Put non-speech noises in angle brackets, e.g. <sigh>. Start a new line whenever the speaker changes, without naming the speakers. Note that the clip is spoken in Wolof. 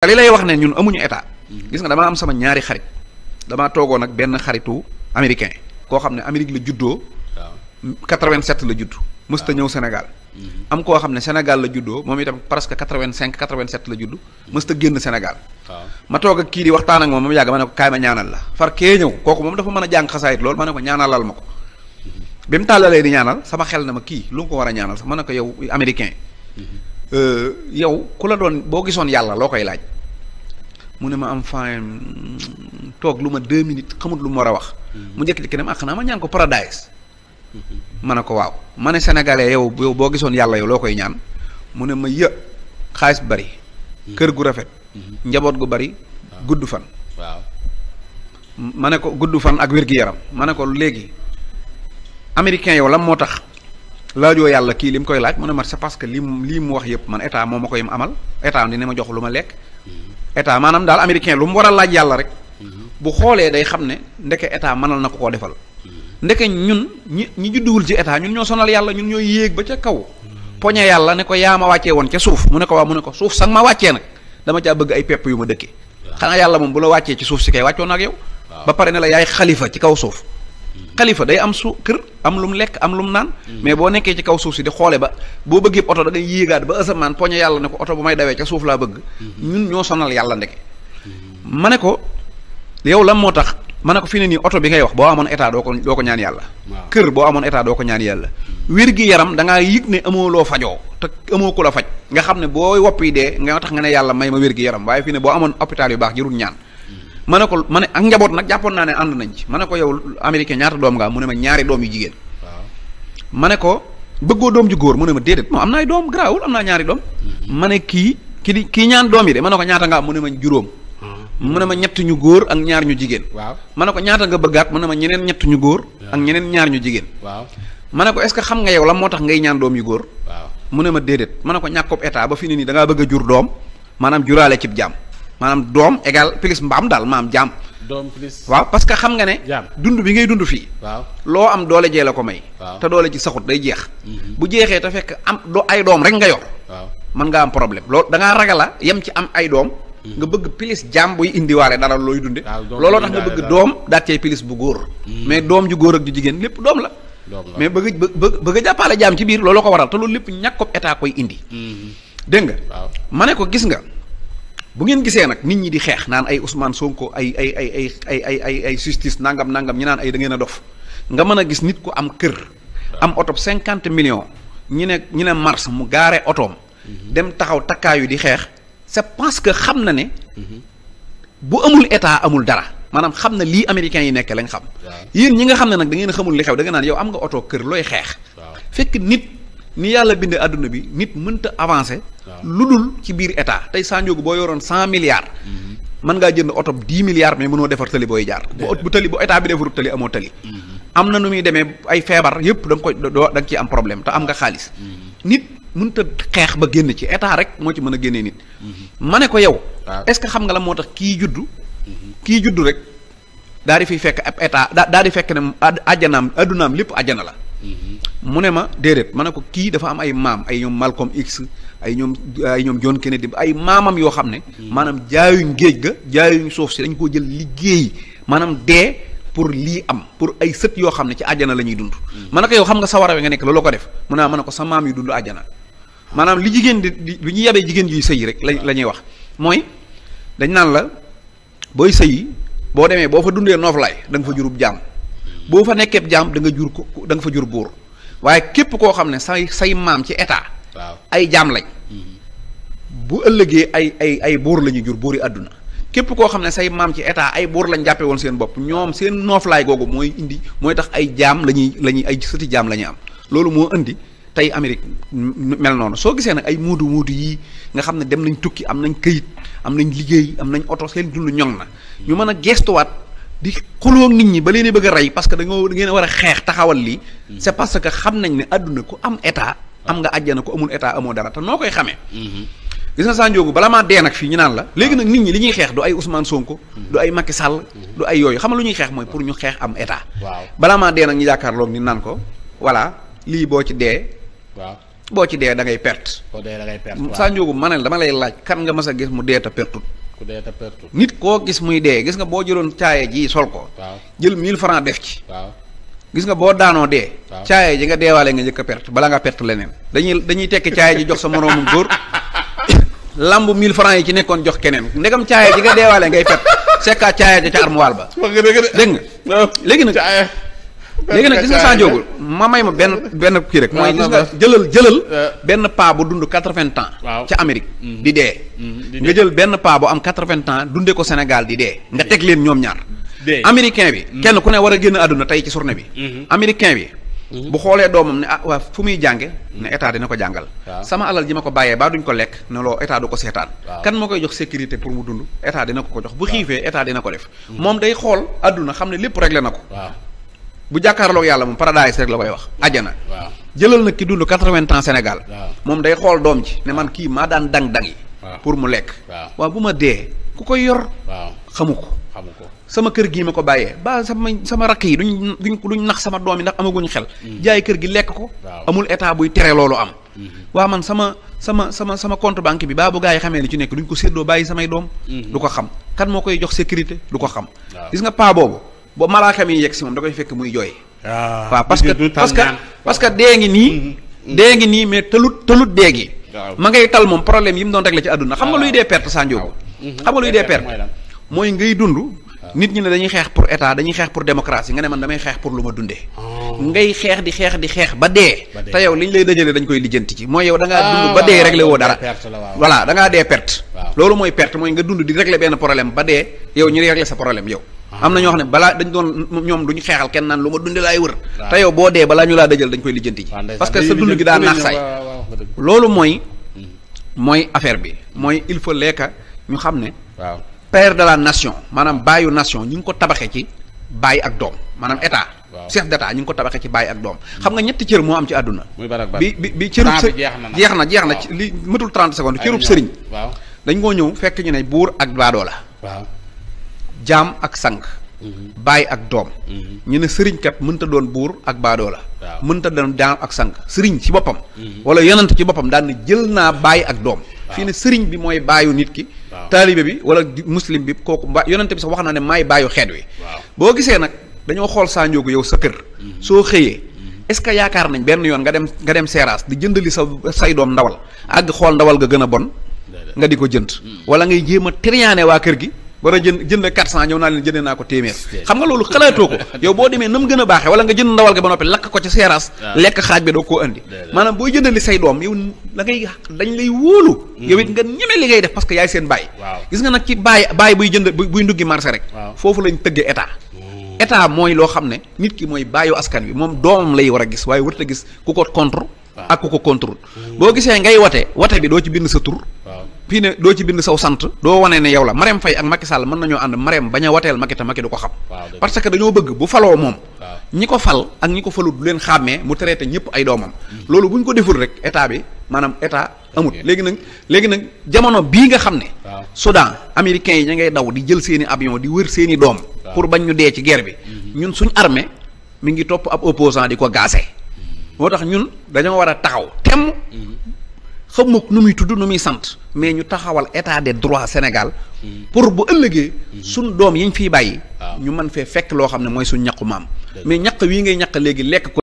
la lay wax ne ñun amuñu état gis nga dama am sama ñaari xarit damaa toogoon ak benn xaritu américain koo xam ne Amérique la juddoo. waaw 87 la judd. mës ta ñëw Sénégal. Mm-hmm. am koo xam ne Sénégal la juddoo moom itam presque 85 87 la judd mës ta génn Sénégal. ma toog ak kii di waxtaan ak moom moom yàgg ma ne ko kaay ma ñaanal la far kee ñëw kooku moom dafa mën a jàng xasaayit lool ma ne ko ñaanalal ma ko. Mm-hmm. bi mu tàllalee di ñaanal sama xel na ma kii lu nga ko war a ñaanal sax ma ne ko yow américain. Mm-hmm. Euh, yow ku la doon boo gisoon yàlla loo koy laaj mu ne ma am faa toog lu ma deux minutes xamut lu mu war a wax. Mm-hmm. mu njëkk di ne ma ah, xanaa ma ñaan ko paradise. Mm-hmm. ma ne ko waaw ma ne sénégalais yow yow boo gisoon yàlla yow loo koy ñaan mu ne ma yë xaalis bari. Mm-hmm. kër gu rafet. njaboot gu bari gudd fan. waaw ma ne ko gudd fan ak wér-gi-yaram ma ne ko léegi américain yow lan moo tax laajoo yàlla kii li mu koy laaj mu ne ma c'est parce que li mu lii mu wax yëpp man état moo ma koy amal état dina ma jox lu ma lekk état maanaam daal américain lu mu war a laaj yàlla rek bu xoolee day xam ne ndeke état mënal na ko koo defal ndeke ñun ñi ñi judduwul ci état ñun ñoo sonal yàlla ñun ñoo yéeg ba ca kaw poñe yàlla ne ko yaa ma wàccee woon ca suuf mu ne ko wax mu ne ko suuf sax ma wàccee nag dama caa bëgg ay pepp yu ma dëkkee xanaa yàlla moom bu la wàccee ci suuf si kay wàccoon ak yow ba pare ne la yaay xalifa ci kaw suuf xalifa day am su kër am lu mu lekk am lu mu naan mm. mais boo nekkee ci kaw suuf si di xoole ba boo bëggee oto da ngay yéegaat ba asamaan poñe yàlla ne ko oto may dawee ca suuf laa bëgg mm-hmm. ñun ñoo sonal yàlla ndeke mm-hmm. ma ne ko yow lan moo tax ma ne ko fi ne nii oto bi ngay wax boo amoon état doo ko doo ko ñaan yàlla kër boo amoon état doo ko ñaan yàlla mm-hmm. wér gi yaram da ngaa ne amoo loo fajoo te amoo ku la faj nga xam ne boo wopp yi dee nga tax nga ne yàlla may ma wér gi yaram waaye fi ne boo amoon hôpital yu baax jërul ñaan mana ko mané ak njabot nak japon na né and nañ ci mané yow américain ñaar doom nga mu ma ñaari doom yu jigen mané bëggo doom ju goor ma dedet mo amna ay doom grawul amna ñaari doom mhm. mané ki ki ki ñaan doom yi de mané ñaata nga mana né ma juroom mhm. mu ma ñett ñu góor ak ñaar ñu jigen waaw ñaata nga bëggaat mana ma ñeneen ñett ñu góor ak ñeneen ñaar ñu jigen waaw est ce xam nga yow la motax ngay ñaan doom yu ma ba fini ni da nga bëgg jur doom manam juraale ci jam manam dom, égal plus mbam dal mam jam. Dom, plus waaw parce que xam nga ne. dund bi ngay dund fi waaw lo am doole jee la ko may. ta doole ci saxut day jeex. Mhm. bu jeexee ta fekk am do ay dom rek nga yor. waaw man nga am problème Lo da nga ragala yam ci am ay dom. Mhm. nga bëgg jam bu indi waré dara loy dunde lolo tax nga bëgg dom da ci pilis bu góor mhm. mais dom ju góor ak ju jigen lepp Dom la mais bëgg bëgg jappalé jam ci bir lolo ko waral te lepp ñak ko état koy indi deng nga mané ko gis nga bu ngeen gisee nag nit ñi di xeex naan ay Ousmane Sonko ay ay ay ay ay ay ay ay justice nangam nangam ñi naan ay dangeen a dof nga mën a gis nit ku am kër. am oto cinquante million ñu ne ñu ne mars mu gaaree otoom. dem taxaw takkaayu di xeex. c'est parce que xam na ne. bu amul état amul dara. maanaam xam na lii américains yi nekk lañ xam. yéen ñi nga xam ne nag da ngeen xamul li xew da nga naan yow am nga oto kër looy xeex. fekk nit ni yàlla bindee àdduna bi nit mënta avancer. lu dul ci biir état tey Sa Ndiogou boo yoroon cent milliards. Mhm. mën ngaa jënd oto dix milliards mais mënoo defar tali booy jaar. bu tali bu état bi defarul tali amoo tali. Mhm. am na nu muy demee ay feebar yëpp da nga koy doo da nga ciy am problème te am nga xaalis. Mhm. nit mënut a xeex ba génn ci état rek moo ci mën a génnee nit. ma ne ko yow. est-ce que xam nga la moo tax kii juddu. kii juddu rek daa di fiy fekk ab état daa daa di fekk ne àjjanaam addunaam lépp àjjana la. mu ne ma déedéet ma ne ko kii dafa am ay maam ay ñoom Malcolm X. ay ñoom ay ñoom John Kennedy ay maamam yoo xam ne maanaam jaayuñ géej ga jaayuñ suuf si dañ koo jël liggéey maanaam dee pour lii am pour ay sët yoo xam ne ci àjjana la ñuy dund mm. man naka yow xam nga sawara we nga nekk loolu ko def mun naa mën ne ah, ko sa maam yu dund àjjana maanaam li jigéen di bi ñu yabee jigéen yuy sëyi rek la ñuy wax mooy dañ naan la booy sëy boo demee boo fa dundee nooflaay da nga fa jurub jaam boo fa nekkeeb jaam da nga jur ko danga fa jur buur waaye képp koo xam ne say say maam ci état waaw ay jaam lañ. Mm-hmm. bu ëllëgee ay ay ay buur la ñuy jur buuri àdduna képp koo xam ne say maam ci état ay buur lañ jàppee woon seen bopp ñoom seen nooflaay googu mooy indi mooy tax ay jaam la ñuy la ñuy ay sëti jaam la ñuy am loolu moo indi tey Amérique mel noonu soo gisee nag ay muudu muudu yii nga xam ne dem nañ tukki am nañ këyit am nañ liggéey am nañ oto seen dund ñoŋ na ñu mën a gestuwaat di xuloo nit ñi ba leen bëgg a rey parce que dañoo da ngeen war a xeex taxawal lii mm-hmm. c'est parce que xam nañ ne àdduna ku am état am nga àjjana ko amul état amoo dara te noo koy xamee mhm. gis nga sandiogu bala maa dee nag fii ñu naan la léegi nag nit ñi li ñuy xeex du ay Ousmane Sonko du ay Macky Sall mhm. du ay yooyu xam nga lu ñuy xeex mooy pour ñu xeex am état bala maa dee nag ñu jàkkaarloog ni naan ko voilà lii boo ci dee waaw boo ci dee da ngay perte boo dee da ngay perte sandiogu ma ne dama lay laaj kan nga mas a gis mu dee te pertut ku dee te pertut nit koo gis muy dee gis nga boo jëloon caaye ji sol ko jël mille francs def ci gis nga boo daanoo dee. waaw ji nga deewaale nga njëkk a perte bala nga perte leneen. dañuy dañuy tekki caaye ji jox sa moroomu góor <coughs> lamb 1000 francs yi ci nekkoon jox keneen ndegam caaye ji nga deewaale ngay perte sekkaat caaye ja ca armoire ba. dégg nga <laughs> léegi nag. léegi nag gis nga saa ma may ma benn benn kii rek <laughs> mooy gis nga jëlal jëlal <laughs> benn paa bu dund quatre-vingts ans ca Amérique mm-hmm. di dee mm-hmm. nga jël benn paa bu am quatre-vingts ans dunde ko Sénégal di dee nga teg leen ñoom ñaar américain bi. Mm-hmm. kenn ku ne war a génn àdduna tey ci journée bi. Mm-hmm. américain bi. Mm-hmm. bu xoolee doomam ne ah waa fu muy jànge ne état dina ko jàngal. sama alal ji ma ko bàyyee baa duñ ko lekk ne loo état du ko seetaan. kan moo koy jox sécurité pour mu dund état dina ko ko jox bu xiifee état dina ko def. moom day xool àdduna xam ne lépp réglé na ko. bu jàkkaarloog yàlla moom paradise rek la koy wax ajana. jëlal na ki dund quatre-vingts ans Sénégal. moom day xool doom ji ne man kii maa daan dang dang pour mu lekk. waaw bu ma dee ku koy yor. xamu ko. sama kër gi ma ko bayé ba sama sama rak yi duñ duñ nax sama doomi nak amaguñ xel. Mm-hmm. jaay kër gi lek ko. amul état buy téré lolu am. Mm-hmm. wa man sama sama sama sama compte banque bi ba bu gaay xamé xamee ni ci nek duñ ko seddo bayyi samay doom. Mm-hmm. du xam kan mo koy jox sécurité du ko xam. gis nga paa boobu ba malaaka mi yek ci mom da koy fekk muy joy ah, wa parce que parce que parce que dee ni nii. ni mais telut telut dee ma ngay tal mom problème yim doon réglé ci aduna ah. xam nga luy dé perte xam nga luy dé perte moy ngay dundu nit ñi ne dañuy xeex pour état dañuy xeex pour démocratie nga ne man damay xeex pour lu ma dundee oh. ngay xeex di xeex di xeex ba dee te li ñu lay dajale dañ koy lijjanti ci mooy yow da ngaa dund ba ah, dee réglé woo dara voilà da ngaa dee perte loolu mooy perte mooy nga dund di réglé benn problème ba dee yow ñu réglé sa problème yow ah. am na ñoo xam ne balaa dañ doon ñoom duñu xeexal kenn naan lu ma dunde laay wër te yow boo dee balaa ñu laa dajal dañ koy lijjanti ji parce que sa dund gi daa naax saay loolu hmm. mooy affaire bi mooy il faut ñu xam ne waaw père de la nation maanaam baayu nation ñu ngi ko tabaxee ci baay ak doom manaam état. chef d'état ñu ngi ko tabaxee ci baay ak doom. xam nga ñetti cër moo am ci àdduna. bi bi bi cërub së jeex na jeex na li mëtul 30 secondes cërub sëriñ. waaw dañ koo ñëw fekk ñu ne buur ak baadoo la. waaw jaam ak sang. Mhm. baay ak doom. Mhm. ñu ne sëriñ kat mënta doon buur ak baadoo la. mënta doon jaam ak sang sëriñ ci boppam. Mhm. wala yonent ci boppam daan na jël naa baay ak doom. fii ne sëriñ bi mooy baayu nit ki. taalibe bi wala muslim bi kooku ba yonente bi sax wax na ne maay bàyyu xeet wi boo gisee nag dañoo xool Sa Ndiogou yow sa kër mhm. soo xëyee mhm. est-ce que yaakaar nañ benn yoon nga dem nga dem seeraas di jëndali sa say doom ndawal àgg xool ndawal ga gën a bon nga di ko jënd mhm. wala ngay jéem a waa kër gi war a jënd jënd 400 ñëw naa leen jëndee naa ko téeméer <laughs> xam nga loolu xalaatoo ko <laughs> yow boo demee nam mu gën a baaxe wala nga jënd ndawal ga ba noppi lakk ko ci seeraas ah. lekk xaaj bi doo koo andi maanaam booy jëndali say doom yow da ngay dañ lay wóolu mm. yow it nga ñeme li ngay def parce que yaay seen bàyyi gis nga nag ci bàyyi bàyyi buy jënd buy nduggi marché rek foofu lañ tëgge état mm. état mooy loo xam ne nit ki mooy bàyyi askan wi moom doomam lay war a gis waaye warut a gis ku ko contre ah. ak ku ko contre mm. boo gisee ngay wate wate bi doo ci bind sa tur fii ne doo ci bind saw sant doo wane ne yow la Marème fay ak Macky Sall mën nañoo ànd Marème bañ a wateel Macky te Macky du ko xam parce que dañoo bëgg bu faloo moom ñi ko fal ak ñi ko falut du leen xàmmee mu traité ñëpp ay doomam loolu bu ñu ko deful rek état bi maanaam état amut léegi nag léegi nag jamono bii nga xam ne Soudan américains yi ña ngay daw di jël seeni abion di wër seeni doom pour bañ ñu dee ci guerre bi mhm. ñun suñ armée mi ngi topp ab opposant di ko gaase mhm. moo tax ñun dañoo war a taxaw temm mhm. xamuma nu muy tudd nu muy sant mais ñu taxawal état de droits Sénégal pour bu ëllëgee suñ doom yi ñu fiy bàyyi ñu man fee fekk loo xam ne mooy suñ ñaqu maam mais ñaq wii ngay ñaq léegi lekk ko